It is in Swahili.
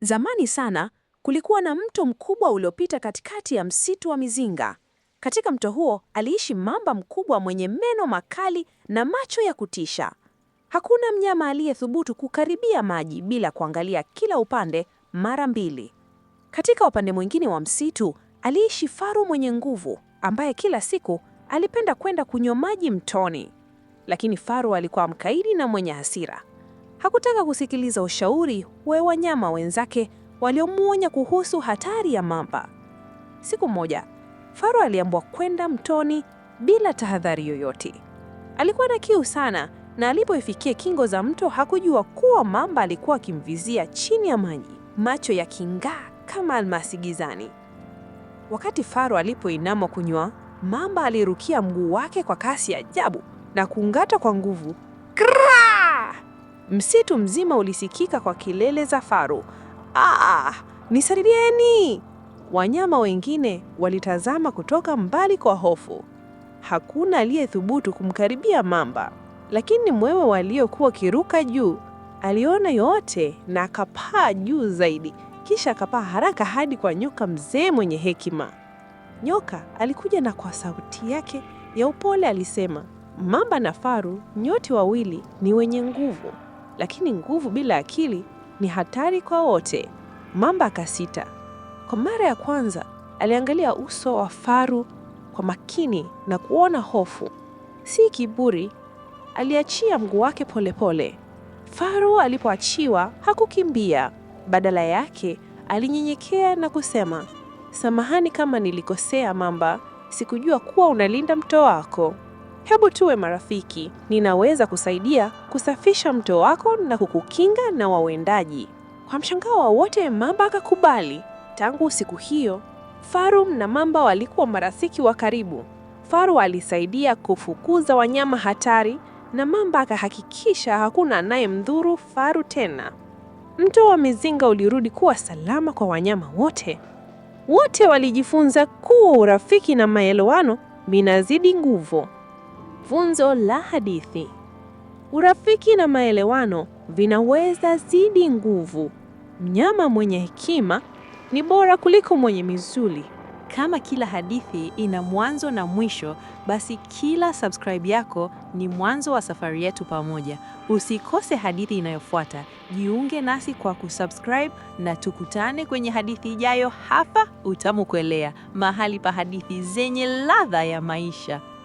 Zamani sana kulikuwa na mto mkubwa uliopita katikati ya msitu wa mizinga. Katika mto huo aliishi mamba mkubwa mwenye meno makali na macho ya kutisha. Hakuna mnyama aliyethubutu kukaribia maji bila kuangalia kila upande mara mbili. Katika upande mwingine wa msitu aliishi faru mwenye nguvu ambaye kila siku alipenda kwenda kunywa maji mtoni. Lakini faru alikuwa mkaidi na mwenye hasira. Hakutaka kusikiliza ushauri wa wanyama wenzake waliomwonya kuhusu hatari ya mamba. Siku moja, faru aliambwa kwenda mtoni bila tahadhari yoyote. Alikuwa na kiu sana na alipoifikia kingo za mto hakujua kuwa mamba alikuwa akimvizia chini ya maji, macho yaking'aa kama almasi gizani. Wakati faru alipoinama kunywa, mamba alirukia mguu wake kwa kasi ya ajabu na kung'ata kwa nguvu Msitu mzima ulisikika kwa kelele za faru. Ah, nisaidieni! Wanyama wengine walitazama kutoka mbali kwa hofu. Hakuna aliyethubutu kumkaribia mamba, lakini mwewe waliokuwa kiruka juu aliona yote na akapaa juu zaidi, kisha akapaa haraka hadi kwa nyoka mzee mwenye hekima. Nyoka alikuja na kwa sauti yake ya upole alisema, mamba na faru, nyote wawili ni wenye nguvu, lakini nguvu bila akili ni hatari kwa wote. Mamba akasita. Kwa mara ya kwanza aliangalia uso wa faru kwa makini na kuona hofu, si kiburi. Aliachia mguu wake polepole Faru alipoachiwa hakukimbia, badala yake alinyenyekea na kusema, samahani kama nilikosea mamba, sikujua kuwa unalinda mto wako. Hebu tuwe marafiki, ninaweza kusaidia kusafisha mto wako na kukukinga na wawindaji. Kwa mshangao wa wote, mamba akakubali. Tangu siku hiyo, faru na mamba walikuwa marafiki wa karibu. Faru alisaidia kufukuza wanyama hatari na mamba akahakikisha hakuna anayemdhuru faru tena. Mto wa Mizinga ulirudi kuwa salama kwa wanyama wote. Wote walijifunza kuwa urafiki na maelewano vinazidi nguvu. Funzo la hadithi: urafiki na maelewano vinaweza zidi nguvu. Mnyama mwenye hekima ni bora kuliko mwenye misuli. Kama kila hadithi ina mwanzo na mwisho, basi kila subscribe yako ni mwanzo wa safari yetu pamoja. Usikose hadithi inayofuata. Jiunge nasi kwa kusubscribe, na tukutane kwenye hadithi ijayo hapa Utamu Kuelea, mahali pa hadithi zenye ladha ya maisha.